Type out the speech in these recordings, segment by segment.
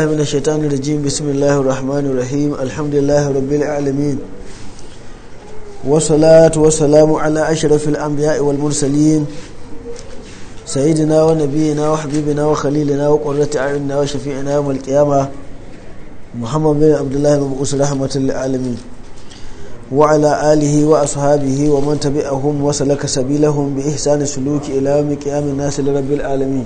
بالله من الشيطان الرجيم بسم الله الرحمن الرحيم الحمد لله رب العالمين والصلاة والسلام على أشرف الأنبياء والمرسلين سيدنا ونبينا وحبيبنا وخليلنا وقرة أعيننا وشفيعنا يوم القيامة محمد بن عبد الله المبعوث رحمة للعالمين وعلى آله وأصحابه ومن تبعهم وسلك سبيلهم بإحسان السلوك إلى يوم القيامة الناس لرب العالمين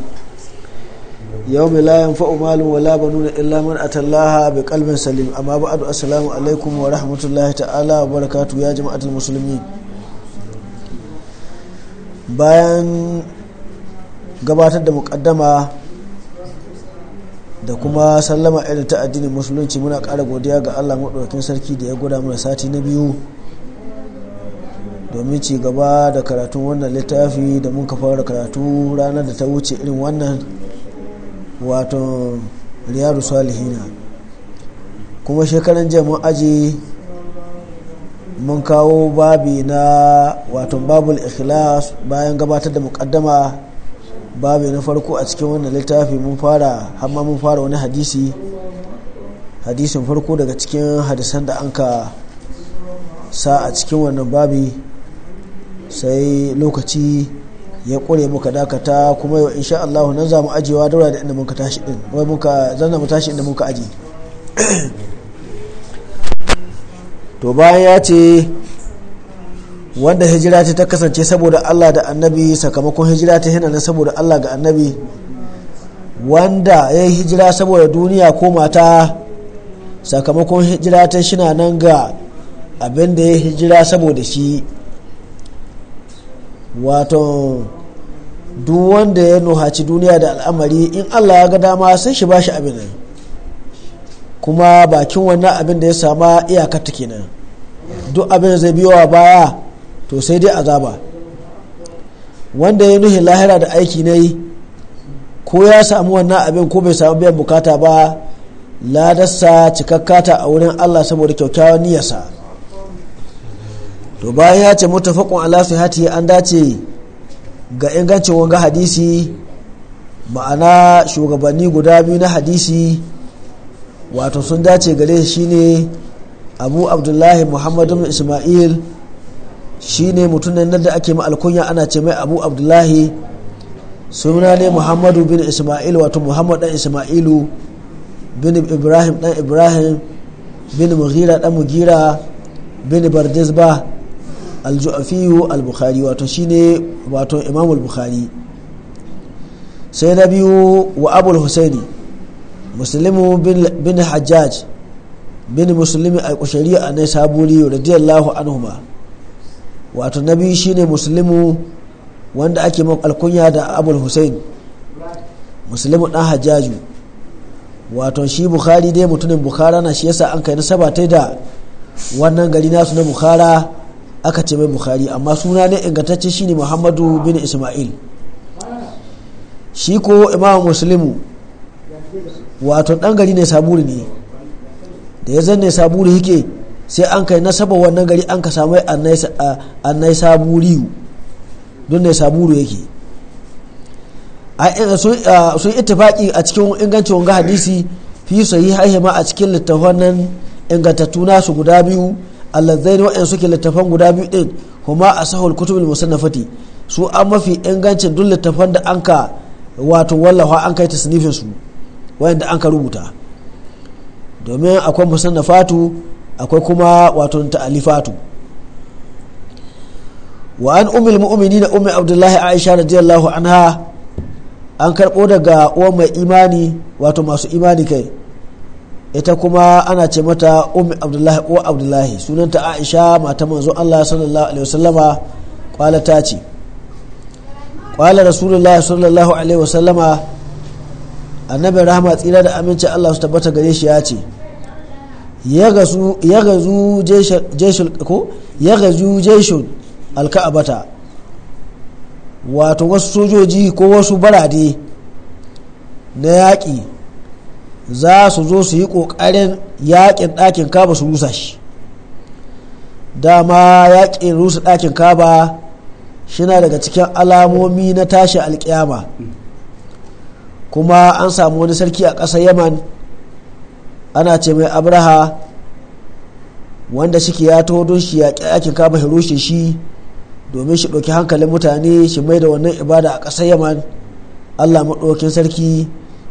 yau mai wala ba nuna illa ولا a إلا من kalbin salim amma سليم asalamu alaikum wa عليكم ta'ala wa تعالى ya ya جماعة musulmi. bayan gabatar da mukaddama da kuma sallama irin ta addinin musulunci muna kara godiya ga allah maɗaukin sarki da ya gwada mana sati na biyu domin ci gaba da karatun wannan littafi da muka fara karatu ranar da ta wuce irin wannan wato riyadu salihina kuma shekaran jiya mun aji mun kawo babi na wato babul ikhlas bayan gabatar da mukaddama babi na farko a cikin wannan littafi mun fara hamma mun fara wani hadisi hadisin farko daga cikin hadisan da an ka sa a cikin wannan babi sai lokaci ya kure muka dakata kuma yau insha Allah nan za mu ajewa daura da inda muka tashi din wai muka zanna mu tashi inda muka aje to bayan ya ce wanda hijira ta ta kasance saboda Allah da annabi sakamakon hijira ta na saboda Allah ga annabi wanda ya yi hijira saboda duniya ko mata sakamakon hijira ta shina nan ga abinda da ya hijira saboda shi wato duk wanda ya nuhaci duniya da al'amari in allah ya ga dama sun shi bashi abin nan kuma bakin wannan abin da ya sama iyakar ta kenan duk abin zai biyo a baya to sai dai azaba wanda ya nuhi lahira da aiki yi ko ya samu wannan abin ko bai samu biyan bukata ba ladarsa cikakkata a wurin allah saboda kyakkyawan niyyarsa. to bayan ya ce mutafakun ala ya an dace ga ingancin wanga hadisi ma'ana shugabanni guda biyu na hadisi wato sun dace gare shi ne abu abdullahi muhammadu ismail shi ne mutumin nan da ake ma alkunya ana ce mai abu abdullahi suna ne muhammadu bin ismail wato muhammad dan ismailu bin ibrahim dan ibrahim bin mughira dan mugira bin bardisba alju'afiyu al-bukhari wato shine wato imam al sai na biyu wa abul husaini muslimu bin hajjaj bin muslimi al-kushari a nai saburi radiyallahu anhu ba wato na biyu shine muslimu wanda ake alkunya da abul husain muslimu dan hajjaju wato shi bukhari dai mutumin bukhara na shi yasa an kai nasaba ta da wannan gari nasu na bukhara aka ce mai bukhari amma suna ne ingantacce ne muhammadu bin isma'il shi ko imam musulmi wato dan gari ne saburi ne da ya zanne saburi yake sai an kai nasaba wannan gari an ka samu annai saburiyu don ne saburu yake sun itifaki a cikin inganci wanga hadisi fi sahihaihima a cikin littafan nan ingantattu nasu guda biyu allazain wa'in suke littafan guda biyu din kuma asahul kutubul musannafati su an mafi ingancin duk littafan da an ka wato wallafa an kai tasnifin su wayanda an ka rubuta domin akwai musannafatu akwai kuma wato ta'alifatu wa an umil mu'minina ummi abdullahi aisha da radiyallahu anha an karbo daga uwan mai imani wato masu imani kai ita kuma ana ce mata ummi abdullahi uwa abdullahi sunanta aisha mata manzo allah sallallahu alaihi wasallama kwala ta ce kwala rasulullahi sallallahu alaihi wasallama annabi rahama tsira da aminci allah su tabbata gare shi ya ce ya gazu jeshul alka'abata wato wasu sojoji ko wasu barade na yaƙi za su zo su yi ƙoƙarin yaƙin ɗakin kaba su rusa shi dama yaƙin rusa ɗakin kaba shina daga cikin alamomi na tashi alƙiyama kuma an samu wani sarki a ƙasar yaman ana ce mai abraha wanda shike ya to don shi yaƙi ɗakin kaba shi rushe shi domin shi ɗauki hankalin mutane shi mai da wannan ibada a ƙasar yaman allah maɗaukin sarki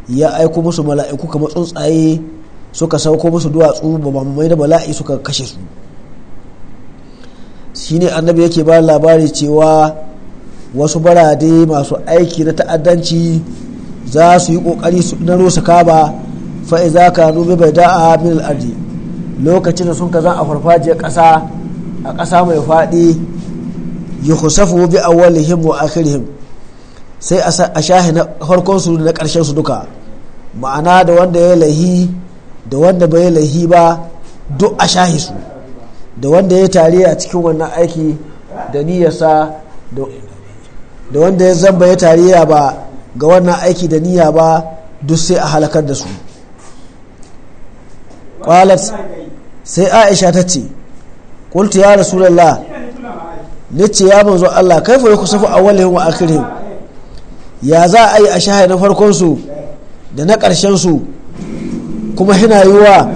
ya aiko musu mala'iku kamar tsuntsaye suka sauko musu duwatsu mai da bala'i suka kashe su shi ne annabi yake ba labari cewa wasu barade masu aiki na ta'addanci za su yi kokari su naro su kaba fa'i za ka nube bai da'a min al'adi lokacin da sun ka za a farfajiyar ƙasa a ƙasa mai faɗi yi husafu bi awwalihim wa akhirihim sai a shahi na farkon su na karshen su duka ma'ana da wanda ya lahi da wanda bai lahi ba duk a shahi su da wanda ya tare a cikin wannan aiki da niyyarsa da wanda ya zamba ya tariya ba ga wannan aiki da niyya ba duk sai a halakar da su qalat sai aisha ta ce kultu ya ne nace ya manzo Allah kusa fa awwalihim wa akhirihim ya za a yi a shahi na farkonsu da na ƙarshensu kuma hina yi wa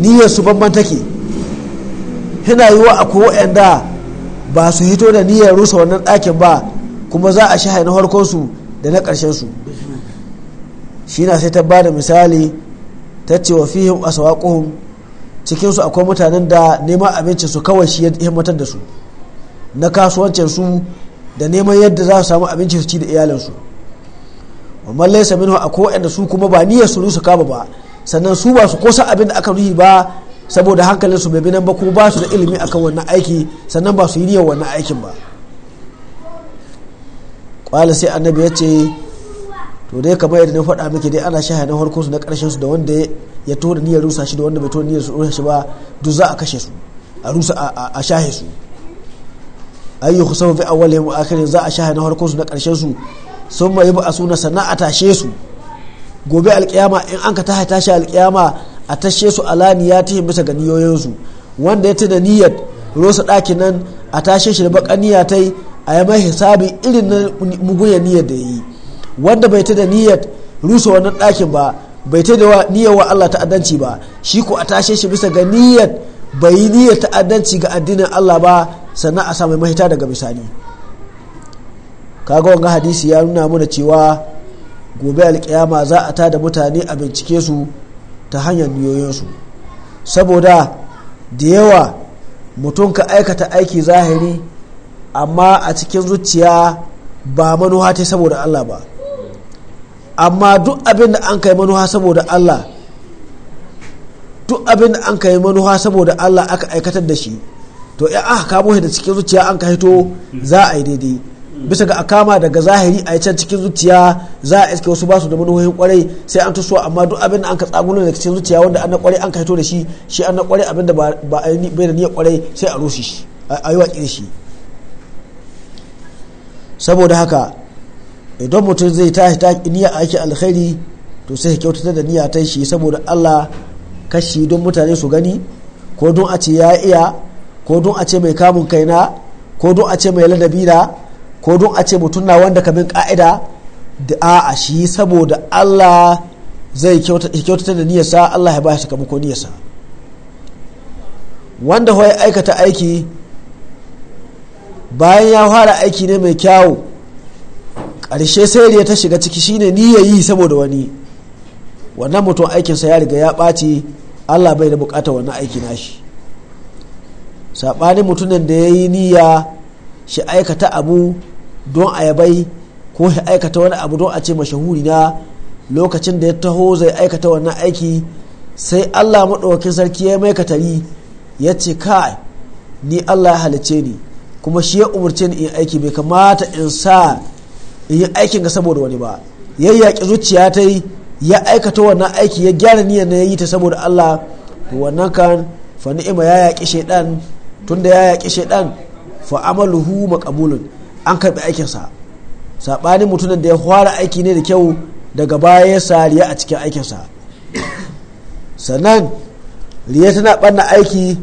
niyyarsu banban take hina yi wa akwai waɗanda ba su hito da niyyar rusa wannan ɗakin ba kuma za a shahi na farkonsu da na ƙarshensu shi na sai ta ba da misali ta ce wa fihim cikinsu akwai mutanen da neman abincinsu su kawai shi ya himmatar da su na kasuwancin su da neman yadda za su samu abinci su ci da iyalinsu wannan laisa minhu ko waɗanda su kuma ba niyyar su su kama ba sannan su ba su kosa abin da aka nuhi ba saboda hankalin su bai bi nan ba kuma ba su da ilimi akan wannan aiki sannan ba su yi niyyar wannan aikin ba kwala sai annabi ya ce to dai kamar yadda na faɗa miki dai ana sha na farko su na ƙarshen su da wanda ya tona niyyar rusa shi da wanda bai tona niyyar niyyar rusa shi ba duk za a kashe su a rusa a shahe su an yi fi awalin wa akirin za a shahe na harkar su na karshen su sun mai ba a suna sana a tashe su gobe alkiyama in an ka tashi tashi alkiyama a tashe su alaniya bisa ga su wanda ya tuna niyyar rosa daki nan a tashe shi da bakaniya ta a yi mai hisabi irin na mugunyar niyyar da ya yi wanda bai tuna niyyar rusa wannan dakin ba bai ta da niyyar wa Allah ta'addanci ba shi ko a tashe shi bisa ga niyyar bai yi niyyar ta'addanci ga addinin Allah ba sannan a samu mahita daga misali kaga wanga hadisi ya nuna mana cewa gobe alkiyama za a tada mutane a bincike su ta hanyar niyoyinsu saboda da yawa mutum ka aikata aiki zahiri amma a cikin zuciya ba manuha ta saboda allah ba amma duk abin da an kai manuha saboda allah duk abin da an kai manuha saboda allah aka aikatar da shi to ya aka kamo shi da cikin zuciya an ka hito za a yi daidai bisa ga akama daga zahiri a yi can cikin zuciya za a iske wasu basu da manuhohin kwarai sai an tusuwa amma duk abin da an ka tsagulo da cikin zuciya wanda an na kwarai an ka hito da shi shi an na kwarai abin da ba a yi da niyyar kwarai sai a rushe shi a yi watsi shi saboda haka idan mutum zai tashi ta a aiki alkhairi to sai ya kyautata da niyya ta shi saboda Allah kashi don mutane su gani ko don a ce ya iya ko don a ce mai kamun kai na ko don a ce mai ladabi na ko don a ce mutum na wanda ka bin ka'ida da a'a shi saboda Allah zai kyautata da niyarsa Allah ya bashi shi kamako niyarsa wanda ya aikata aiki bayan ya fara aiki ne mai kyawu ƙarshe sai da ta shiga ciki shine niyya yi saboda wani wannan mutum aikinsa ya riga ya ɓaci Allah bai da bukatar wannan aiki na shi. saɓanin mutumin da ya yi niyya shi aikata abu don ayabai ko shi aikata wani abu don a ce mashahuri na lokacin da ya taho zai aikata wannan aiki sai allah maɗaukakin sarki ya mai katari ya ce kai ni allah ya halice ni kuma shi ya umarce ni in aiki bai kamata in sa in yi aikin ga saboda wani ba ya yaƙi zuciya ta yi ya aikata wannan aiki ya gyara niyyar na ya yi ta saboda allah wannan kan fa ni'ima ya yaƙi shaidan tunda ya yaƙi shaidan fa amaluhu maqbulun an karɓi aikinsa saɓanin mutumin da ya fara aiki ne da kyau daga baya ya sariya a cikin aikinsa sannan riya tana ɓanna aiki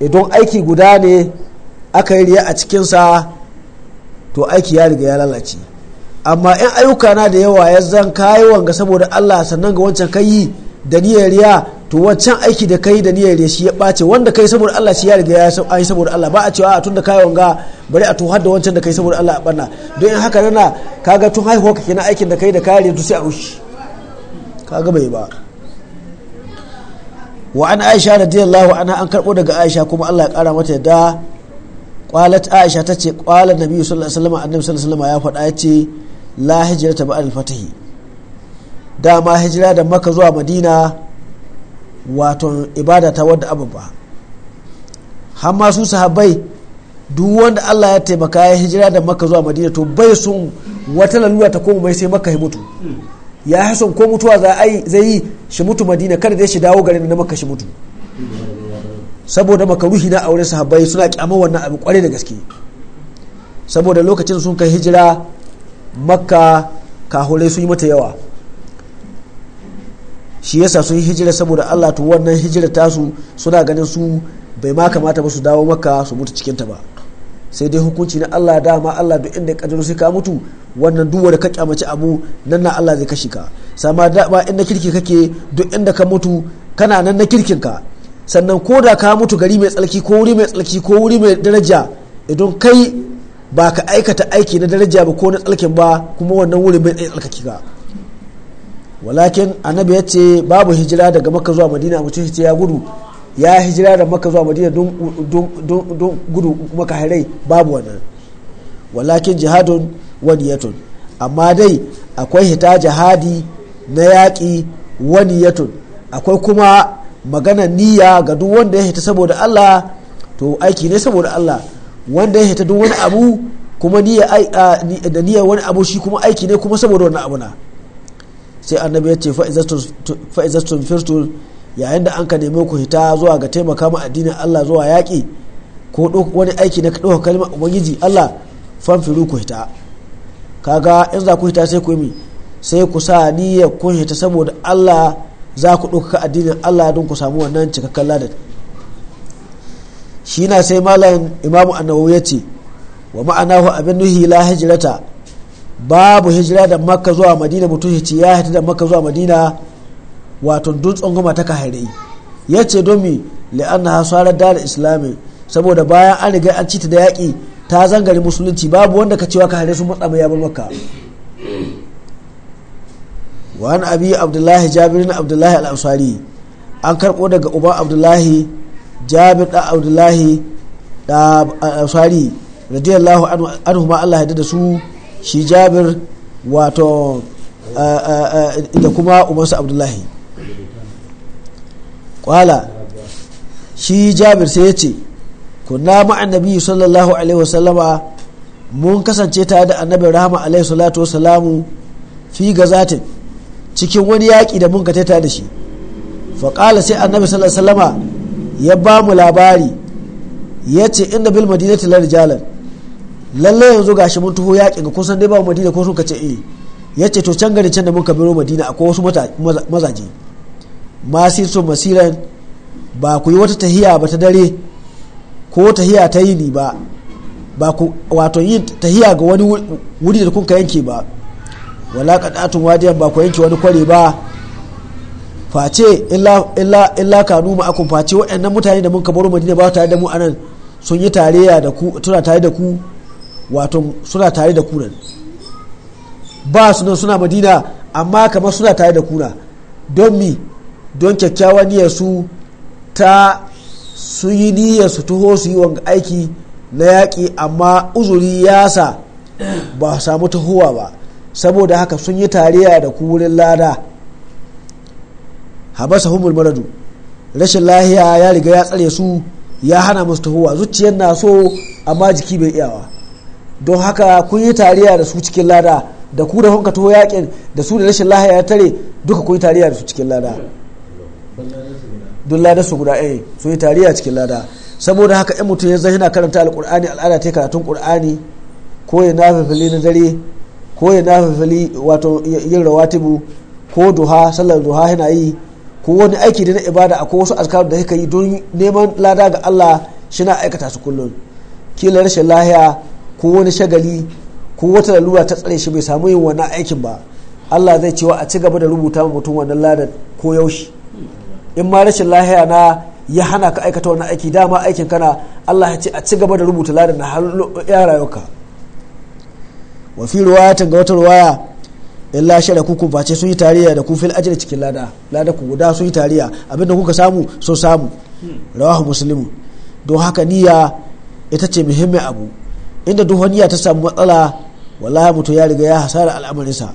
idan aiki guda ne aka yi riya a cikinsa to aiki ya riga ya lalace amma in ayyuka na da yawa ya zan kayi wanga saboda allah sannan ga wancan kayi da niyyar riya to wancan aiki da kai da niyyar shi ya bace wanda kai saboda Allah shi ya riga ya san ai saboda Allah ba a cewa a tun da kai wanga bari a tuhar da wancan da kai saboda Allah a banna don in haka nana kaga tun haihuwa ka kina aikin da kai da kare to sai a ushi kaga bai ba wa an aisha radiyallahu anha an karbo daga aisha kuma Allah ya kara mata yadda qalat aisha tace qala nabi sallallahu alaihi wasallam annabi sallallahu alaihi wasallam ya faɗa yace la hijrata al fatahi dama hijira da makka zuwa madina wato ibada ta wadda abu ba har ma su sahabbai duk wanda Allah ya taimaka ya hijira da maka zuwa madina to bai sun wata lalura ta koma bai sai maka ya mutu ya yi son ko mutuwa zai yi shi mutu madina kada dai shi dawo garin na maka shi mutu saboda makaruhi na auren sahabbai suna kyamar wannan abu kwarai da gaske saboda lokacin sun kai hijira makka kahulai sun yi mata yawa shi yasa sun hijira saboda Allah to wannan hijira tasu suna ganin su bai ma kamata ba su dawo maka su mutu cikin ta ba sai dai hukunci na Allah dama Allah duk inda ka sai ka mutu wannan duk wanda ka kyamaci abu nan na Allah zai kashe ka sama da ba inda kirki kake duk inda ka mutu kana nan na kirkin ka sannan ko da ka mutu gari mai tsalki ko wuri mai tsalki ko wuri mai daraja idan kai ba ka aikata aiki na daraja ba ko na tsalkin ba kuma wannan wuri mai tsalkaki ka walakin annabi ya ce babu hijira daga maka zuwa madina mutum ya gudu ya hijira da maka zuwa madina don gudu maka harai babu wannan walakin jihadun tun amma dai akwai hita jihadi na yaƙi tun akwai kuma magana niyya ga duk wanda ya hita saboda Allah to aiki ne saboda Allah wanda ya hita duk wani abu kuma da niyya wani abu shi kuma aiki ne kuma saboda wani abu na sai annabi ya ce fa'izastun firtun yayin da an ka neme ku hita zuwa ga taimaka ma addinin Allah zuwa yaƙi ko ɗauka wani aiki na ɗauka kalmar ubangiji Allah fanfiru ku hita kaga in za ku hita sai ku yi sai ku sa niyya ku hita saboda Allah za ku ɗauka addinin Allah don ku samu wannan cikakken ladan shi na sai malam imamu annawawi ya ce wa ma'anahu abin nuhi la hijrata babu hijira da makka zuwa madina mutum ce ya hita da makka zuwa madina wato dutsen goma ta kahare ya ce domin na hasarar da islami saboda bayan an riga an cita da yaƙi ta zangare musulunci babu wanda ka cewa kahare sun matsa mai yabar makka wani abi abdullahi na abdullahi al'amsari an karɓo daga uban abdullahi jabir ɗan abdullahi da al'amsari radiyallahu anhu ma allah ya da su shi jabir wato da kuma umarsa abdullahi kwala shi jabir sai ya ce kunna ma'an nabi sallallahu alaihi wasallama mun kasance tare da annabi rahama alaihi salatu wasalamu fi gazatin cikin wani yaƙi da mun tare da shi faƙala sai annabi sallallahu alaihi wasallama ya ba mu labari ya ce inda bil madinati la rijalan lalle yanzu gashi mun tuho yaƙin ga kusan dai ba madina ko sun ka ce eh ce to can gani can da muka biro madina akwai wasu mazaje masu so masiran ba ku yi wata tahiya ba ta dare ko tahiya ta ni ba ba ku wato yin tahiya ga wani wuri da kuka yanke ba wala kadatun wadiyan ba ku yanke wani kware ba face illa illa illa kanu ma akun face waɗannan mutane da muka baro madina ba tare da mu anan sun yi tarayya da ku tare da ku wato suna tare da kuna ba su nan suna madina amma kamar suna tare da kuna don mi don kyakkyawan niyyar ta sun yi niyyar su tuho su yi wanga aiki na yaƙi amma uzuri ya sa ba samu tahowa ba saboda haka sun yi tariya da kurin lada habasa humul maradu rashin lahiya ya riga ya tsare su ya hana musu tahowa zuciyar na so amma jiki bai iyawa don haka kun yi tariya da su cikin lada da ku da hankatu yakin da su da rashin lahaya ya tare duka kun yi tariya da su cikin lada don lada su guda eh su yi tariya cikin lada saboda haka in mutum ya zai yana karanta alƙur'ani al'ada ta karatun ƙur'ani ko ya nafafili na dare ko ya nafafili wato yin rawatibu ko duha sallar duha yana yi ko wani aiki da na ibada a ko wasu azkar da kika yi don neman lada ga Allah shi na aikata su kullum kila rashin lahiya ko wani shagali ko wata lalura ta tsare shi bai samu yin wani aikin ba Allah zai cewa a ci gaba da rubuta ma mutum wannan ko yaushe in ma rashin lahiya na ya hana ka aikata wani aiki dama aikin kana Allah ya ce a ci gaba da rubuta ladan na har ya rayuka wa fi riwayatin ga wata riwaya lashe shara kuku face sun yi tariya da ku fil ajri cikin lada lada ku guda sun yi tariya abinda kuka samu sun samu rawahu muslimu don haka niyya ita ce muhimmin abu inda duk wani ta samu matsala wallahi mutum ya riga ya hasara al'amarinsa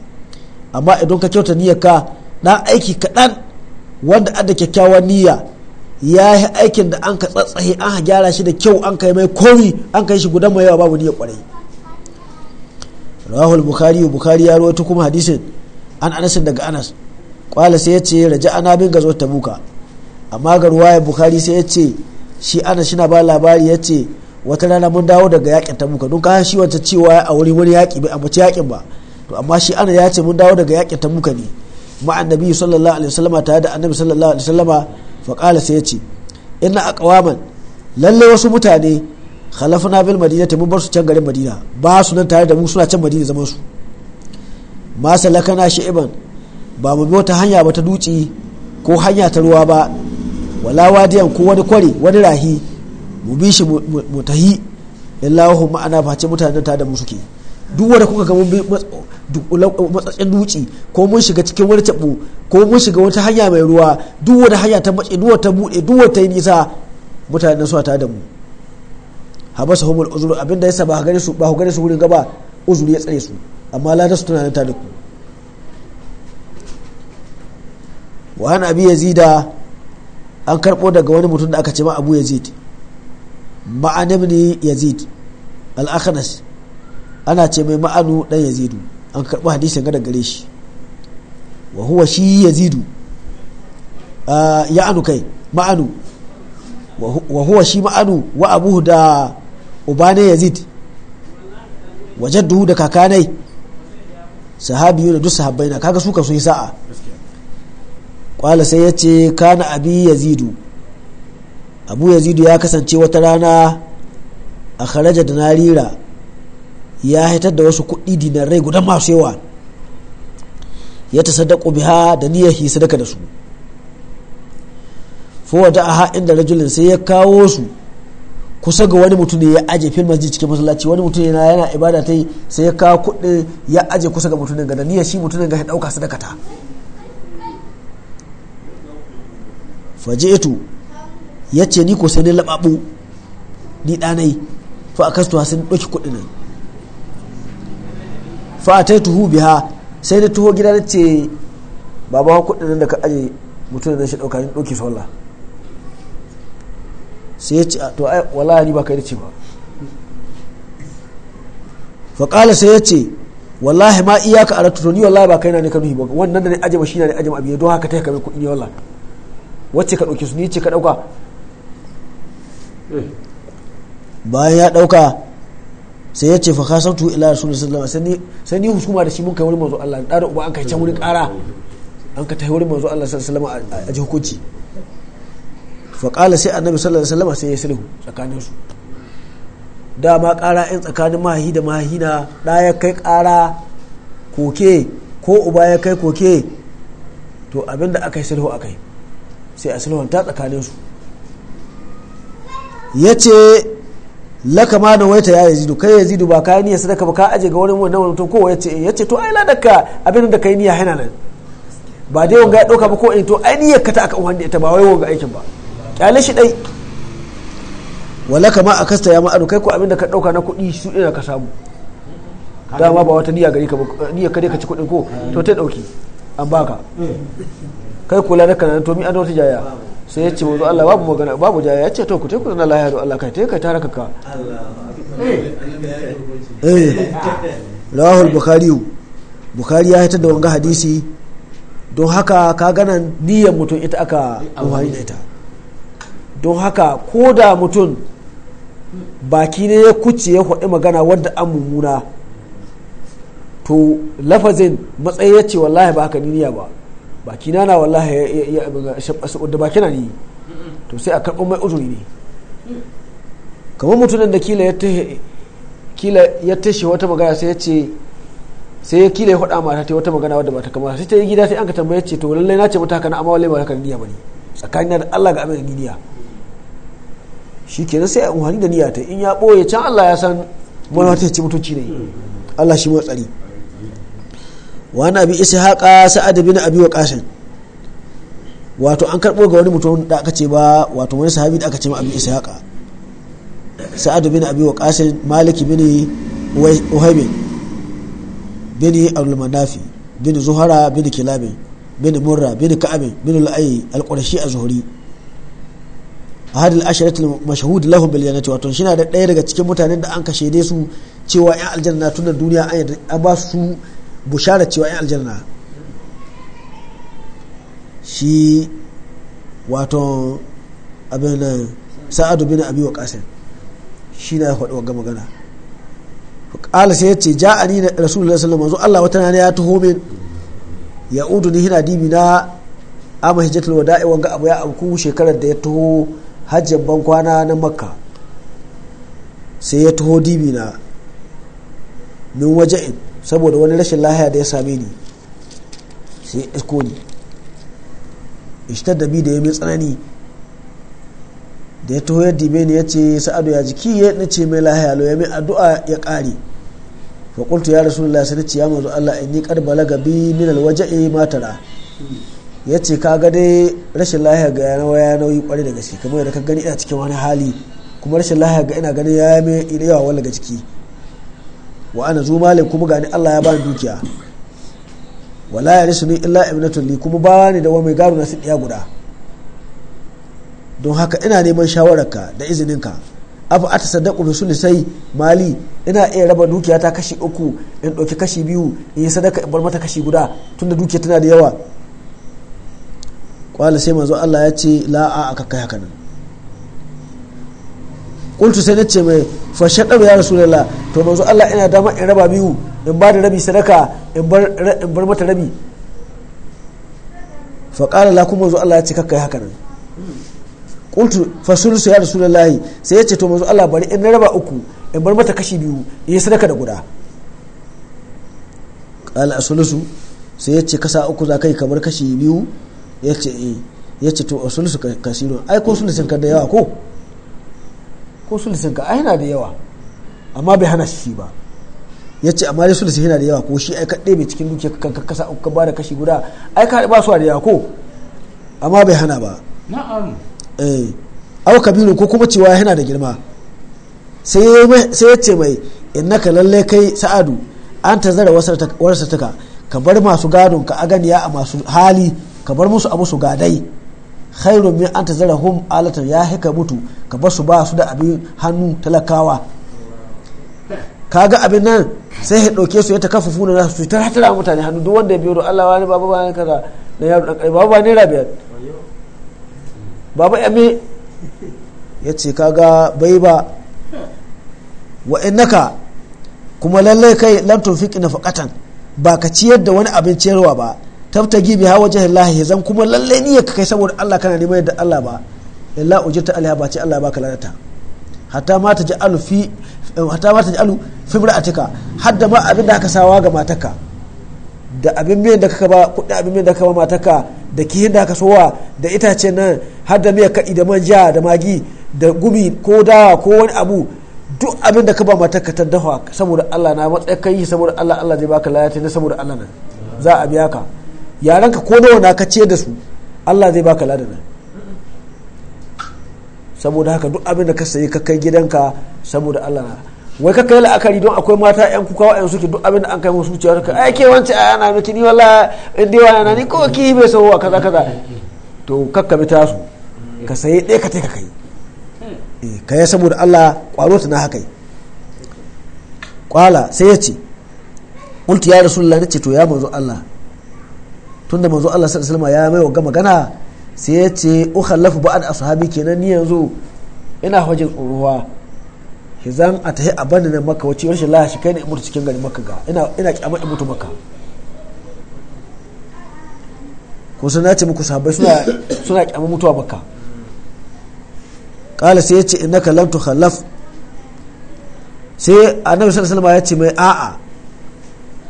amma idan ka kyauta ka na aiki kaɗan wanda da kyakkyawan niyya ya yi aikin da an ka tsatsahe an gyara shi da kyau an kai mai kowi an kai shi gudan mai yawa babu niyyar kwarai rahul bukari bukari ya rawaito kuma hadisin an anasin daga anas kwala sai ya ce raja ana bin gazo ta buka amma ga ruwaya bukari sai ya ce shi anas shi ba labari ya ce wata rana mun dawo daga yakin tabuka don kayan shi wancan cewa a wuri wani yaki bai abuci yakin ba to amma shi ana ya ce mun dawo daga yakin tabuka ne ma annabi sallallahu alaihi wasallama tare da annabi sallallahu alaihi wasallama fa qala sai yace inna aqwaman lalle wasu mutane khalafuna bil madinati mun bar su can garin madina ba su nan tare da mu suna can madina zaman su ma salakana shi'iban ba mu bi wata hanya ba ta dutsi ko hanya ta ruwa ba wala wadiyan ko wani kwari wani rahi mu shi mu yi illahu ma'ana face mutane ta da mu suke duk wanda kuka ga mun bi matsatsin duci ko mun shiga cikin wani tabo ko mun shiga wata hanya mai ruwa duk wanda hanya ta matse duk wata bude duk wata yi nisa mutane suwa ta da mu habasa humul uzuru abinda yasa ba gane su ba gane su wurin gaba uzuri ya tsare su amma la su tunanin ta da ku wa an abi yazida an karbo daga wani mutum da aka ce ma abu yazid ma'an ibn yazid al-akhnas ana ce mai ma'anu dan yazidu an karɓi hadisin ga gare shi wa huwa shi yazidu ah, ya anu kai ma'anu wa huwa shi ma'anu wa abuhu da ubane yazid wa jadduhu da kakanai sahabiyu da duk sahabbai na kaga suka sun yi sa'a kwala sai ya ce kana abi yazidu abu yazidu ya kasance wata rana a kharaja da narira ya haitar da wasu kuɗi dinarai guda masu yawa ya ta sadaku biha da niyyar hi sadaka da su fowar da aha inda rajulin sai ya kawo su kusa ga wani mutum ne ya aje fil masjid cikin masallaci wani mutum yana yana ibada ta yi sai ya kawo kuɗi ya aje kusa ga mutumin ga da niyyar shi mutumin ga ya ɗauka sadaka ta ya ce ni ko sai na laɓaɓo ni ɗanai fa a kastuwa sun ɗauki kuɗi nan fa a tuhu biha sai na tuho gida na ce baba wa kuɗi nan da ka aje mutum da shi ɗauka ni ɗauki sallah sai ya ce to ai wallahi ni ba kai da ce ba fa kala sai ya ce wallahi ma iyaka aratu to ni wallahi ba kai na ne ka nuhi ba wannan da ne aje ba shi na ne aje ma biye don haka ta kai kuɗi ne wallahi wacce ka ɗauke su ni ce ka ɗauka bayan ya dauka sai ya ce fa kasautu ila rasu da sallama sai ni hukuma da shi mun kai wurin manzo Allah da da uba an kai can wurin kara an ka tafi wurin manzo Allah da alaihi a ji hukunci fa qala sai annabi sallama alaihi sai ya sulhu tsakanin su dama kara in tsakanin mahi da mahina da ya kai kara koke ko uba ya kai koke to abinda aka yi sulhu aka yi sai a sulhunta tsakanin su ya ce laka ma na waita ya zidu kai zidu ba kayan niyyar sadaka ba ka aje ga wani wannan mutum ko ya ce eh, ya ce to ai ladaka abin da kai niyya hana nan ba dai wanga ya dauka ba ko in to ai niyyar ka ta aka wanda ita ba wai wanga aikin ba kyale shi dai wala kama a kasta ya ma'adu kai ko abin da ka dauka na kuɗi su ina ka samu dama ba wata niyya gari ka niyyar ka dai ka ci kuɗin ko to ta dauki an baka eh. kai kula da kana to mi an wata jaya sai ya ce wanzu Allah babu magana babu jaya ya ce to ku teku na lahiru Allah kai teka tara kaka Allah eh, eh, rahul bukhari bukhari ya hitar da wanga hadisi don haka ka gana niyyar mutum ita aka amfani da ita don haka ko da mutum baki ne ya kuce ya faɗi magana wadda an mummuna to lafazin matsayi ya ce wallahi ba haka niyya ba baki na na wallahi ya da baki na ni to sai a karɓar mai uzuri ne kamar mutunan da kila ya kila ya tashi wata magana sai ya ce sai ya kila ya faɗa mata ta wata magana wadda ba ta kamata sai ta yi gida sai an ka tambaye ce to lallai na ce mata haka na amma wallahi ba haka ba ne tsakanin da Allah ga abin giniya shi kenan sai a umarni da niyata ta in ya ɓoye can Allah ya san wani wata ya ce mutunci ne Allah shi mai tsari wani abi haƙa sa'ad bin abi wa ƙashin wato an karɓo ga wani mutum da aka ce ba wato wani sahabi da aka ce ma abi haƙa sa'ad bin abi wa ƙashin maliki bin uhayb bin abdul manafi bin zuhara bin kilabin bin murra bin ka'abin bin la'ayi ayy al-qurashi a zuhri ahadul asharatul mashhud lahum bil jannati wato shina da ɗaya daga cikin mutanen da an kashe ne su cewa yan aljanna tunan duniya an ba su bushara cewa yan aljanna shi wato abin nan sa'adu bin abi kasin shi na faɗi wanga magana qala sai yace na rasulullahi sallallahu alaihi wasallam Allah wata rana ya taho min ya udu ni hina dibi na ama hijjatul wada'i wanga abu ya abku shekarar da ya taho hajjan ban kwana na makka sai ya taho dibi na min waja'in saboda wani rashin lahiya da ya same ni sai ya isko ni da bi da ya mai tsanani da ya taho ya dibe ne ya ce sa'adu ya jiki ya ce mai lahiya lo ya mai addu'a ya kare fa ya rasu sai nace ya mazu Allah yi karbala ga bi min alwaja'i matara ya yace kaga dai rashin lahiya ga yana waya nauyi kwari da gaske kamar da ka gani ina cikin wani hali kuma rashin lahiya ga ina ganin ya mai yawa wani ga ciki wa ana zo malin kuma gani Allah ya bani dukiya wala ya risu ni illa ibnatun li kuma bawa ne da wani mai gado na sidiya guda don haka ina neman shawararka da izininka afa ata sadaqu bi sulisai mali ina iya raba dukiya ta kashi uku in dauki kashi biyu in yi sadaka in bar mata kashi guda tunda dukiya tana da yawa kwala sai manzo Allah ya ce la'a aka kai haka nan kultu sai nace mai fa shadar ya rasulullah to manzo Allah ina dama in raba biyu in ba da rabi sadaka in bar mata rabi fa qala la kuma manzo Allah ya ce kakkai haka nan kultu fa rasu ya rasulullah sai ya ce to manzo Allah bari in raba uku in bar mata kashi biyu yi sadaka da guda qala sulusu sai ya ce kasa uku za kai kamar kashi biyu ya ce eh ya ce to sulusu kasirun ai ko sulusun ka da yawa ko ko sulusin ka ai yana da yawa amma bai hana shi ba ya ce amma dai sulusi yana da yawa ko shi ai ka ɗebe cikin dukiya ka kasa ka bada kashi guda ai ka ba su da yawa ko amma bai hana ba na'am eh au kabiru ko kuma cewa yana da girma sai ya ce mai innaka lalle kai sa'adu an ta zara wasa ka bar masu gadon ka aganiya a masu hali ka bar musu abu su gadai khairu min an tazarahum alata ya hika mutu ka basu ba su da abin hannu talakawa kaga abin nan sai ya dauke su ya ta kafa funa su ta hatara mutane hannu duk wanda ya biyo Allah wani baba ba kaza na yaro dan baba ba naira biyar baba yami ya ce kaga bai ba wa innaka kuma lallai kai lam tunfiqi nafaqatan ba ka ciyar da wani abin ciyarwa ba tabtagi biha wajha lahi zan kuma lalle ni ka kai saboda Allah kana neman yadda Allah ba illa ujirta alha ba ce Allah ka lalata hatta ma taj'alu fi hatta ma taj'alu fi imra'atika hadda ma abin da aka sawa ga mataka da abin mai da kaka ba kudi abin mai da kaka ba mataka da kihin da aka sowa da itace nan hadda miyar kaɗi da manja da magi da gumi ko dawa ko wani abu duk abin da ka ba mataka ta dafa saboda Allah na matsayin kai saboda Allah Allah zai baka lalata ne saboda Allah nan za a biya ka yaranka ko nawa na ka ce da su Allah zai baka ladana saboda haka duk abin da ka sayi ka kai gidanka saboda Allah wai ka kai la'akari don akwai mata yan kuka wa'yan suke duk abin da an kai musu cewa ka ai ke wance ai ana miki ni walla in dai wani ni ko ki bai wa kaza kaza to kakka bi tasu ka sayi ɗaya ka ka kai eh, ka yi saboda Allah kwaro ta na haka kwala sai ya ce ƙulti ya rasu na ce to ya manzo Allah tunda manzo Allah sallallahu alaihi ya mai wa magana sai ya ce khallafu ba'ad ashabi kenan ni yanzu ina hajin ruwa hizan a tahi a bani maka wace rashin lahashi kai ne in mutu cikin gari maka ga ina ina kyamar in mutu maka ko sun ce muku sahabbai suna suna kyamar mutuwa maka kala sai ce innaka lam khallaf sai annabi sallallahu alaihi wasallam ya ce mai a'a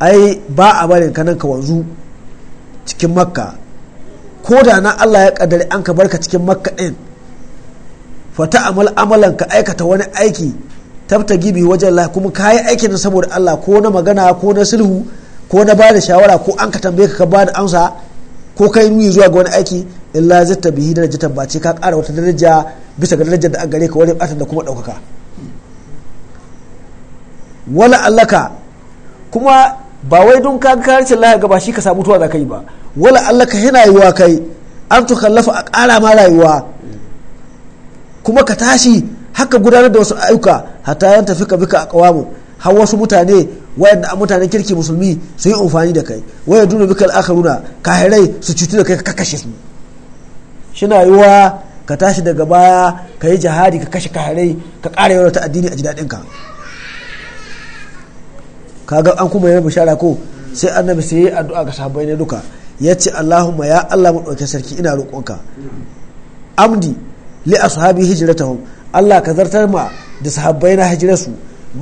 ai ba a barin ka ka wanzu cikin makka ko da na allah ya kadari an ka barka cikin makka ɗin fata amal amalan ka aikata wani aiki tabta gibi wajen allah kuma ka yi aikin saboda allah ko na magana ko na sulhu ko na ba da shawara ko an ka tambaye ka ka ba amsa ko kai nuni zuwa ga wani aiki illa zai ta bihi darajatan ba ce ka kara wata daraja bisa ga darajar da an gare ka wani batar da kuma ɗaukaka wala allaka kuma ba wai don ka ka rashin ga shi ka samu tuwa da kai ba wala Allah ka hina yiwa kai an to kallafa a ƙara ma rayuwa kuma ka tashi haka gudanar da wasu ayyuka hatta yan tafi ka bika a kawamu har wasu mutane wayanda mutanen kirki musulmi su yi amfani da kai waya duna bika ka kahirai su cutu da kai ka kashe su shina yiwa ka tashi daga baya ka yi jihadi ka kashe kahirai ka ƙara yawan ta addini a ji kaga an kuma yi bishara ko sai annabi sai yi addu'a ga sahabbai ne duka ya ce Allahumma ya Allah mu ɗauke sarki ina roƙonka amdi li ashabi hijratahum Allah ka zartar ma da sahabai na hijirarsu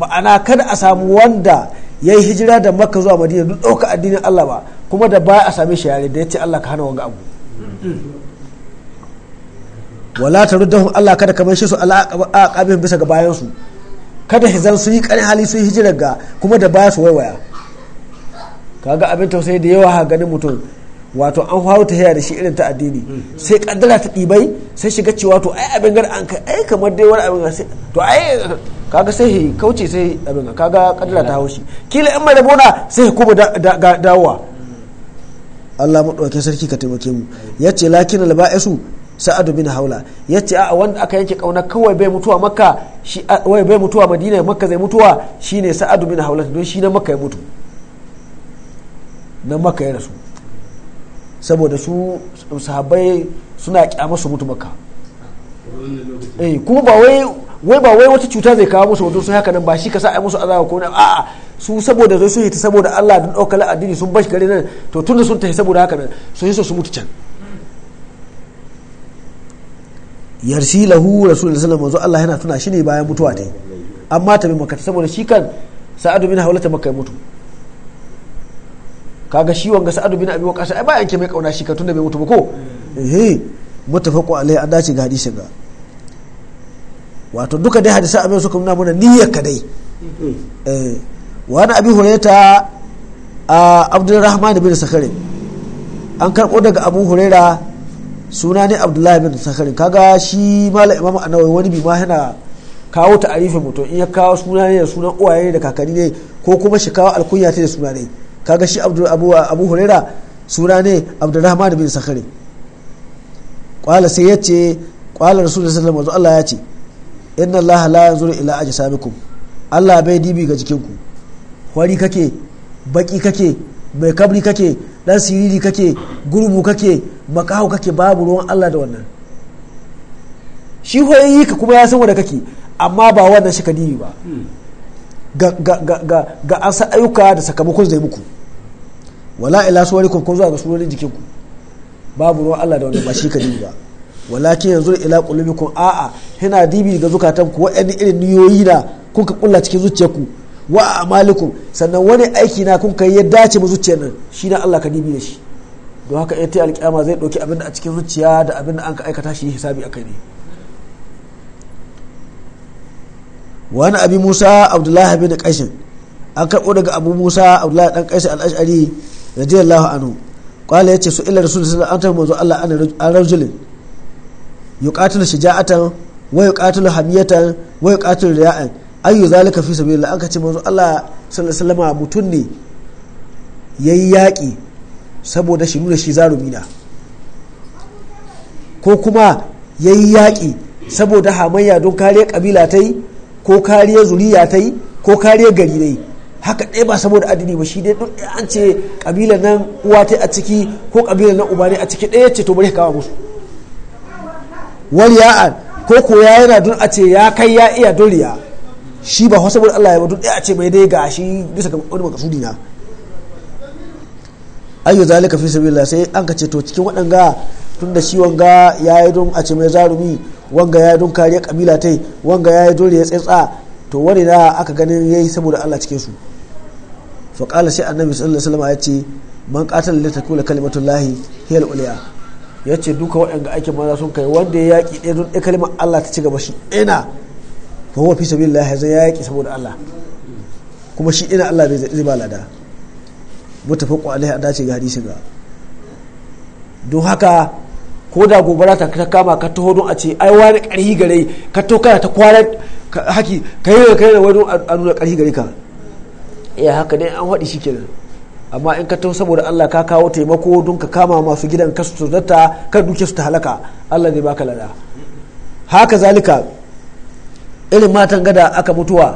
ma'ana kada a samu wanda ya yi hijira da maka zuwa madina duk ɗauka addinin Allah ba kuma da baya a same shi yare da ya ce Allah ka hana wanga abu wala ta ruddahu Allah kada kamar shi su ala aqabihim bisa ga su kada hizan sun yi kan hali sun hijira ga kuma da baya su waiwaya kaga abin tausayi da yawa ha ganin mutum wato an faru ta da shi irin ta addini sai kaddara ta ɗibai sai shiga cewa to ai abin gar an kai ai kamar dai wani abin ga sai to ai kaga sai he kauce sai abin kaga kaddara ta haushi kila in mai rabona sai kuma dawowa Allah ɗauke sarki ka taimake mu yace ce lakin albaisu sa'adu bin haula ya ce a wanda aka yanke kauna kawai bai mutuwa makka shi wai bai mutuwa madina makka zai mutuwa shine sa'adu bin haula don shi na makka ya mutu na makka ya rasu saboda su sahabbai suna kyama su mutu makka eh kuma ba wai wai ba wai wata cuta zai kawo musu wato sun haka nan ba shi ka sa ai musu azaba ko a su saboda zai su ta saboda Allah da daukar addini sun bashi gare nan to tunda sun tafi saboda haka nan sun yi su mutu can yarsi lahu rasulullahi sallallahu alaihi Allah yana tuna shi ne bayan mutuwa ta yi amma ta bi makka saboda shi kan sa'adu bin haulata makka ya mutu kaga shi wanga sa'adu bin abi waqas ai ba yanke mai kauna shi kan tunda bai mutu ba ko eh muttafaqu alai an dace ga hadisi ga wato duka dai hadisa abin suka nuna mana niyyar ka dai eh wa na abi hurairata a abdurrahman bin sakharin an karbo daga abu hurairah suna ne abdullahi bin sakari kaga shi malam imam anawai wani bi ma yana kawo ta'arifin mutum in ya kawo suna ne da suna uwaye da kakanni ne ko kuma shi kawo alkunya ta da suna ne kaga shi abu huraira suna ne abdurrahman bin sakari kwala sai ya ce kwala rasulullah sallallahu alaihi Allah ya ce inna Allah la yanzuru ila ajsamikum Allah bai dibi ga jikinku kwari kake baki kake mai kabri kake dan siriri kake gurbu kake makaho kake babu ruwan Allah da wannan shi yi ka kuma ya san wanda kake amma ba wannan shi ka nimi ba ga an sa ayyuka da sakamakon zai muku wala ila suwarikum kun zuwa ga surorin jikinku babu ruwan Allah da wannan ba shi ka nimi ba walakin yanzu ila qulubikum a'a hina dibi ga zukatanku wa'ani irin niyoyi da kuka kulla cikin zuciyarku wa amalikum sannan wani aiki na kun kai ya dace mu zuciyar nan shi na Allah ka dibi da shi don haka ya ta alƙiyama zai ɗauki abin da a cikin zuciya da abin da an ka aikata shi hisabi a kai ne wani abi musa abdullahi bin kashin an karɓo daga abu musa abdullahi ɗan kashin al'ashari radiyallahu anu kwale ya ce su ila da an alaihi wasallam Allah an rajulin yuqatilu shija'atan wa yuqatilu hamiyatan wa yuqatilu riya'an ayu zalika fi sabilillah an ka ce mazu Allah sallallahu alaihi wasallam ne ne yayi yaki saboda shi nuna shi zarumi na ko kuma ya yi yaƙi saboda hamayya don kariya ƙabila ta yi ko kariya zuriya ta yi ko kariya gari ne haka ɗaya ba saboda addini ba shi dai duk an ce ƙabilar nan uwa ta a ciki ko ƙabilar nan uba ne a ciki ɗaya ce to bari kawo musu wani ya'an ko ko ya yana don a ce ya kai ya iya don riya shi ba saboda Allah ya ba don ɗaya a ce mai dai ga shi bisa ga wani makasudi na ayyu zalika fi sabilillah sai an ka ce to cikin wadanga tun da shi wanga ya yi don a ce mai zarumi wanga ya yi don kariya kabila tai wanga ya yi dole ya tsatsa to wani na aka ganin ya yi saboda Allah cikin su fa qala sai annabi sallallahu alaihi wasallam ya ce man qatala li takula kalimatullahi hiya al-ulya ya ce duka wadanga ake maza sun kai wanda ya yaƙi ɗaya don ɗaya Allah ta ci gaba shi ina fa huwa fi sabilillah ya yaƙi saboda Allah kuma shi ina Allah bai zai ba lada mutafaqu alai a dace ga hadisin don haka ko da gobara ta kama ka taho don a ce ai wani karhi gare ka to kana ta kwana haki ka yi kai da wani a nuna karhi gare ka iya eh, haka ne an haɗi shi kenan amma in ka taho saboda Allah ka kawo taimako don ka kama masu gidan ka su tsorata ka duke su ta halaka Allah ne baka lada haka zalika irin matan gada aka mutuwa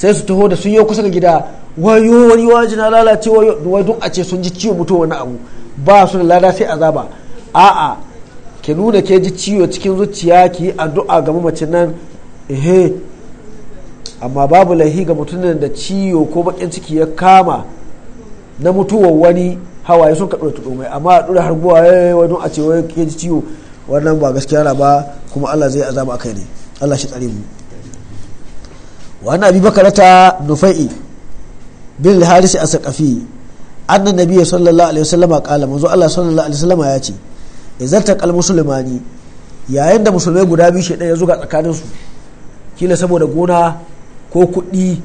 sai su taho da sun yi kusa ga gida wayo wani waji na lalace wayo duk a ce sun ji ciwo mutuwa wani abu ba su da lada sai azaba a'a ki nuna ke ji ciwo cikin zuciya ki yi addu'a ga mamacin nan ehe amma babu laihi ga mutumin da ciwo ko bakin ciki ya kama na mutuwar wani hawaye sun kaɗo tuɗo mai amma a ɗura harbuwa ya eh, wani a ce wani ke ji ciwo wannan ba gaskiya na ba kuma allah zai azaba a kai ne allah shi tsare mu wani أبي بكرة نفيئي bin harisi a sakafi annan nabiya sallallahu alaihi wasallama kala manzo Allah sallallahu alaihi ya ce idan taqal musulmani yayin da musulmai guda biyu shedan ya zuga tsakanin su kila saboda gona ko kuɗi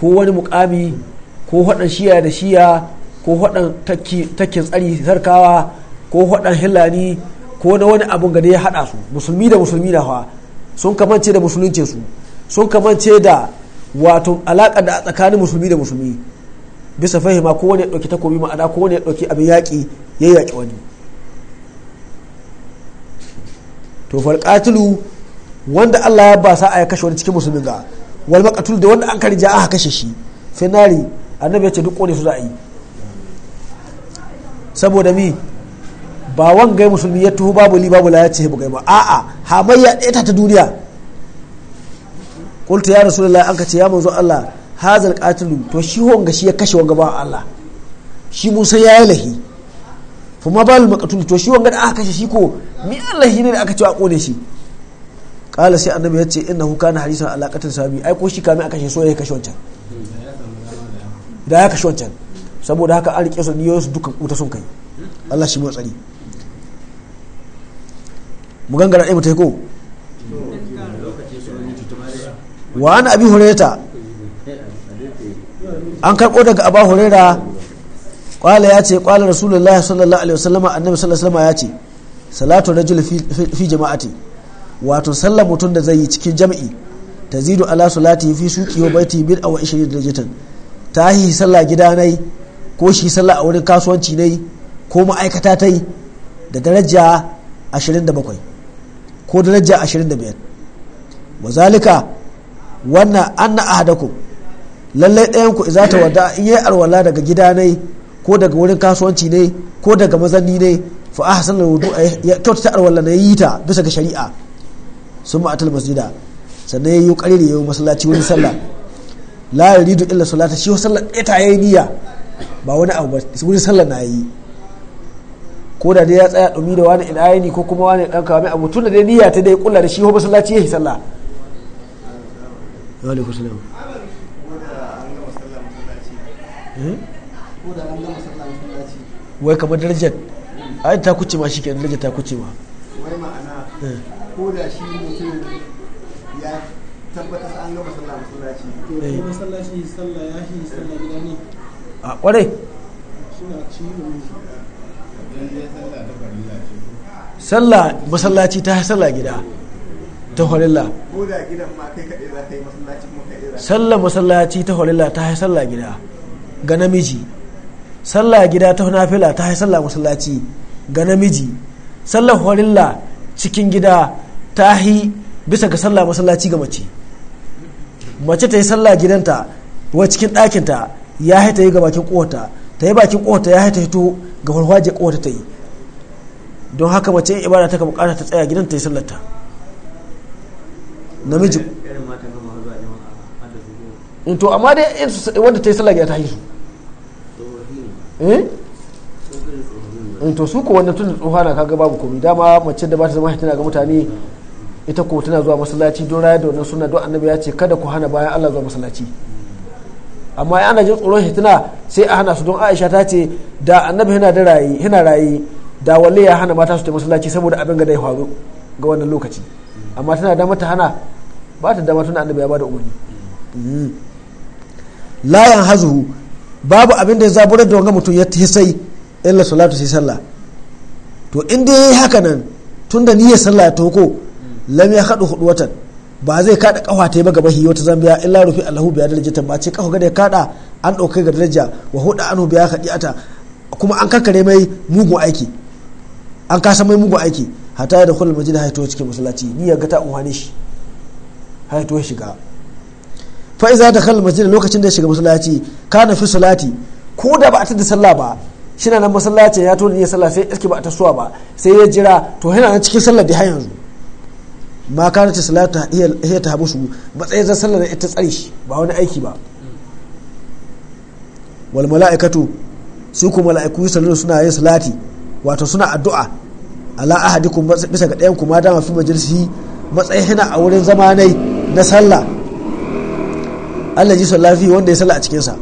ko wani mukami ko hadan shiya da shiya ko hadan takin tsari sarkawa ko hadan hillani ko na wani abun ga ya hada su musulmi da musulmi na hawa sun kamance da musuluncin su sun kamance da wato alaƙa da tsakanin musulmi da musulmi bisa fahima ko wani ya ɗauki takobi ma'ana ko wani ya ɗauki abin yaƙi ya yaƙi wani to falƙatilu wanda Allah ya ba sa a ya kashe wani cikin musulmin ga wal maqtul da wanda an ja aka kashe shi finari annabi ya ce duk kone su za a yi saboda mi ba wangai musulmi ya tuhu babu li babu la ya ce bugai ba a'a hamayya ɗaya ta duniya qultu ya rasulullahi anka ce ya manzo Allah hazal qatilu to shi honga shi ya kashe wanga ba Allah shi Musa ya yi lahi fa ma bal maqtul to shi wanga da aka kashe shi ko mi Allah ne da aka ce a kone shi kala sai annabi ya ce innahu kana hadisan alaqatin sabi ai ko shi kamin aka kashe so ya kashe wancan da ya kashe wancan saboda haka an rike su niyoyin su dukan wuta sun kai Allah shi mu tsari mu gangara ɗaya mu ko. wa an abi hureta an karɓo daga abu hurera kwala ya ce kwala rasulullah sallallahu alaihi wasallama annabi sallallahu alaihi wasallama ya ce salatu rajul fi jama'ati wato sallar mutum da zai yi cikin jami'i tazidu ala salati fi suqi wa baiti bil aw 20 darajatan tahi sallah gida nai ko shi sallah a wurin kasuwanci nai ko ma'aikata tai da daraja 27 ko daraja 25 wazalika wannan an ahada ku lallai ɗayan ku za ta wada in yi alwala daga gida ne ko daga wurin kasuwanci ne ko daga mazanni ne fa ahsana a ya kyautata alwala na yi ta bisa ga shari'a sun ma'atal masjida sannan ya yi ƙari da yayi masallaci wani sallah la ridu illa salata shi sallar ɗaya ta yi niyya ba wani abu ba wani sallar na yi ko da dai ya tsaya dumi da wani ina ni ko kuma wani dan kawai abu tun da dai niyya ta dai kula da shi wani masallaci yi sallah wa eh? wai kamar darajar ta kuce ma shi darajar ta kuce ma wai ma'ana ko da shi mutum ya an sallah masallaci to ko eh. masallaci sallah ya shi sallah gida ne a sallah ta sallah gida ta horilla sallar masallaci ta horilla ta hai sallah gida ga namiji sallah gida ta nafila ta hai sallah masallaci ga namiji sallar horilla cikin gida ta hi bisa ga sallah masallaci ga mace mace ta yi sallah gidanta wa cikin ɗakinta ya haita yi ga bakin ƙota ta yi bakin ƙota ya haita hito ga farfajiyar ƙota ta yi don haka mace ibada ta ka bukata ta tsaya gidanta ta yi sallarta namiji eh, to amma dai wanda ta yi sallah ya ta haihu in eh? eh, to su ko wanda tun da tsohana kaga babu komai dama mace da ba ta zama hitina ga mutane ita ko tana zuwa masallaci don raya da wannan suna don annabi ya ce kada ku hana bayan Allah zuwa masallaci amma ya ana jin tsoron hitina sai a hana su don Aisha ta ce da annabi yana da rayi yana rayi da walle ya hana mata su ta masallaci saboda abin ga dai faru ga wannan lokaci amma tana da mata hana ba ta dama tana annabi ya bada umarni hmm. layan hazuhu babu abin da ya zaburar da wanga mutum ya sai illa salatu sai sallah to in dai yayi haka nan da niyyar sallah ya toko lam ya hadu hudu watan ba zai kaɗa kafa ta ba gaba hiyo ta zambiya illa rufi allahu biya darajatan ba ce kafa ga da ya kada an dauke ga daraja wa hudu anu biya khadi'ata kuma an kankare mai mugun aiki an kasa mai mugun aiki hata da kullum majid haito cikin masallaci ni ya ga ta unhane shi haito ya shiga fa iza da kullum majid lokacin da ya shiga masallaci kana fi salati ko da ba a da sallah ba shi na nan masallaci ya tona ya sallah sai iske ba a tasowa ba sai ya jira to yana nan cikin sallar da har yanzu ma kana ta salatu hiya ta habusu matsayin zan sallar ita tsari shi ba wani aiki ba wal mala'ikatu su kuma mala'iku suna yin salati wato suna addu'a ala ahadikum bisa ga ɗayan kuma dama fi majalisi matsayina a wurin zama nai na sallah Allah ji sallafi wanda ya sallah a cikinsa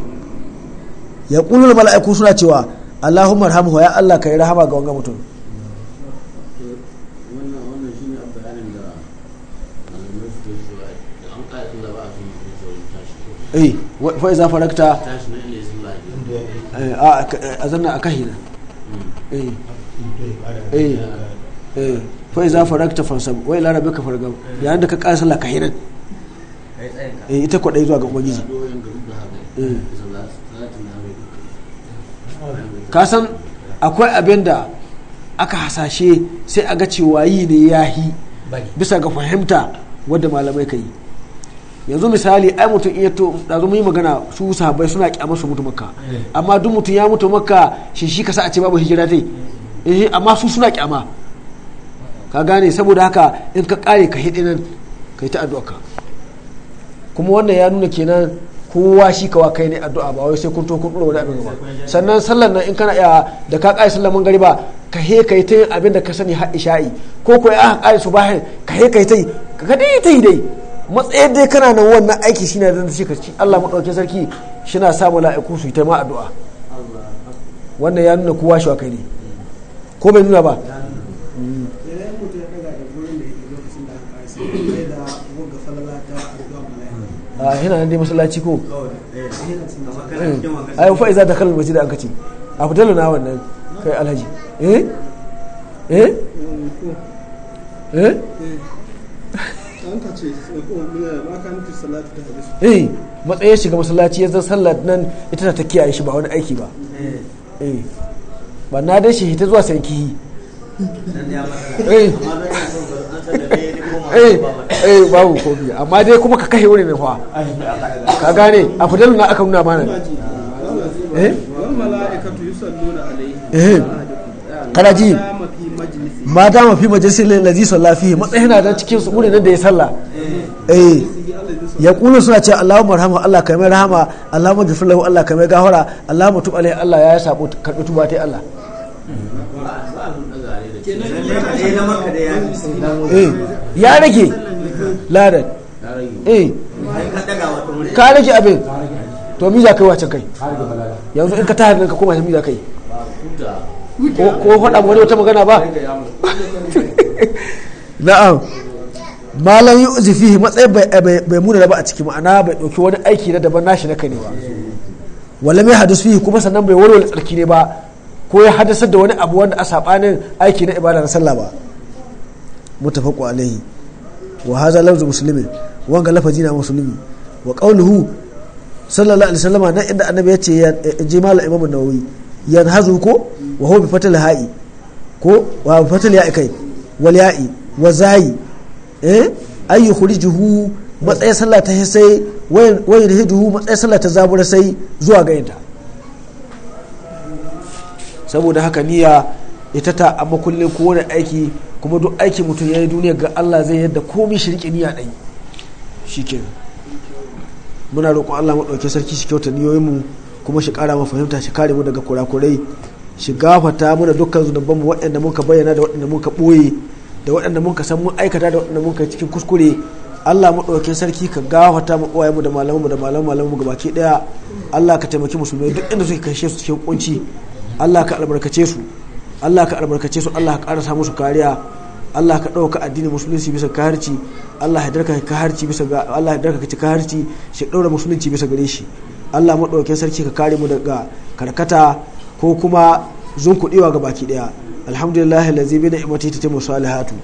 ya kulul mala'iku suna cewa Allahumma arhamhu ya Allah kai rahama ga wanga mutum eh fa iza farakta eh, a zanna akahina hmm. eh eh eh fa iza farakta fansab wa ila rabbika fargab yayin da ka kasa la kahiran eh ita kwadai zuwa ga ubangiji eh. ka san akwai abin da aka hasashe sai a ga cewa yi ne yahi bisa ga fahimta wadda malamai ka yi yanzu misali ai mutum iya to da mun yi magana su sahabbai suna kyamar su mutu makka eh. amma duk mutum ya mutu makka shi shi kasa a ce babu hijira dai eh amma su suna kyama ka gane saboda haka in ka kare ka hidi nan ka yi ta addu'a ka kuma wannan ya nuna kenan kowa shi kawa kai ne addu'a ba wai sai kun to kun dora wani abin ba sannan sallan nan in kana iya da ka kare mangari ba ka he kai ta yin abin da ka sani har isha'i ko ko ya kare su bahin ka he kai ta yi ka ga dai ta yi dai matsayin dai kana nan wannan aiki shi ne zan ce ka ci Allah madaukakin sarki shi na sa mala'iku su yi ta ma addu'a wannan ya nuna kowa shi kai ne ko bai nuna ba a yana nan dai masallaci ko eh, ai fa iza dakhala al-masjid an kace a fitalu na wannan kai alhaji eh eh eh eh, eh, eh matsayin shiga masallaci ya zan sallar nan ita ta kiyaye shi ba wani aiki ba eh ba na dai shi hita zuwa sai kihi eh. Eh. eh babu kofi amma dai kuma ka kashe wuri ne fa ka gane a fidal na aka nuna mana eh, eh. kana ji ma dama fi majalisar lalazi sallah matsayi na da cikin su wurin da ya sallah eh ya kuna suna ce Allahumma marhamu Allah kai mai rahama Allahumma ghfir lahu Allah kai mai gahara Allahumma tub alai Allah ya sabo karbi tuba ta Allah eh, ya rage ladan eh ka rage abin to mi za kai wacin kai yanzu in ka tahar ka koma mi za kai ko faɗa wani wata magana ba na'am malam yu'zi fihi matsayin bai muna ba a ciki ma'ana bai ɗauki wani aiki na daban nashi na ka ne ba wala mai hadis fihi kuma sannan bai warware tsarki ne ba ko ya hadasa da wani abu wanda a sabanin aiki na ibada na sallah ba mutafaqu alaihi wa hadha lafzu muslimin wanga lafazi na musulmi wa qawluhu sallallahu alaihi wasallama na inda annabi ya ce ya je malam imamu nawawi yanhazu ko wa huwa bi fatal ha'i ko wa bi fatal ya'i kai wal ya'i wa zai eh ay yukhrijuhu matsayin sallah ta sai wai hiduhu matsayin sallah ta zabura sai zuwa ga yanta saboda haka niyya ita ta amma ko wani aiki kuma duk aiki mutum ya yi duniya ga Allah zai yadda komai shirki niyya dai shikenan muna roƙon Allah maɗauki sarki shi kyauta niyoyinmu kuma shi kara mu fahimta shi kare mu daga kurakurai shi gafata muna dukkan mu waɗanda muka bayyana da waɗanda muka ɓoye da waɗanda muka san mun aikata da waɗanda muka cikin kuskure Allah mu ɗauki sarki ka gafata mu uwaye mu da malamu mu da malamu malamu ga baki ɗaya Allah ka taimaki musulmai duk inda suke kashe su cikin kunci Allah ka albarkace su Allah ka albarkace su Allah ka karasa musu kariya Allah ka ɗauka addinin musulunci bisa kaharci Allah ya darka ka harci bisa ga Allah ya darka ka ci kaharci shi ɗaura musulunci bisa gare shi allah maɗaukin sarki ka kare mu daga karkata ko kuma zunkuɗewa ga baki ɗaya alhamdulillah lazi bi ni'mati tatimmu salihatu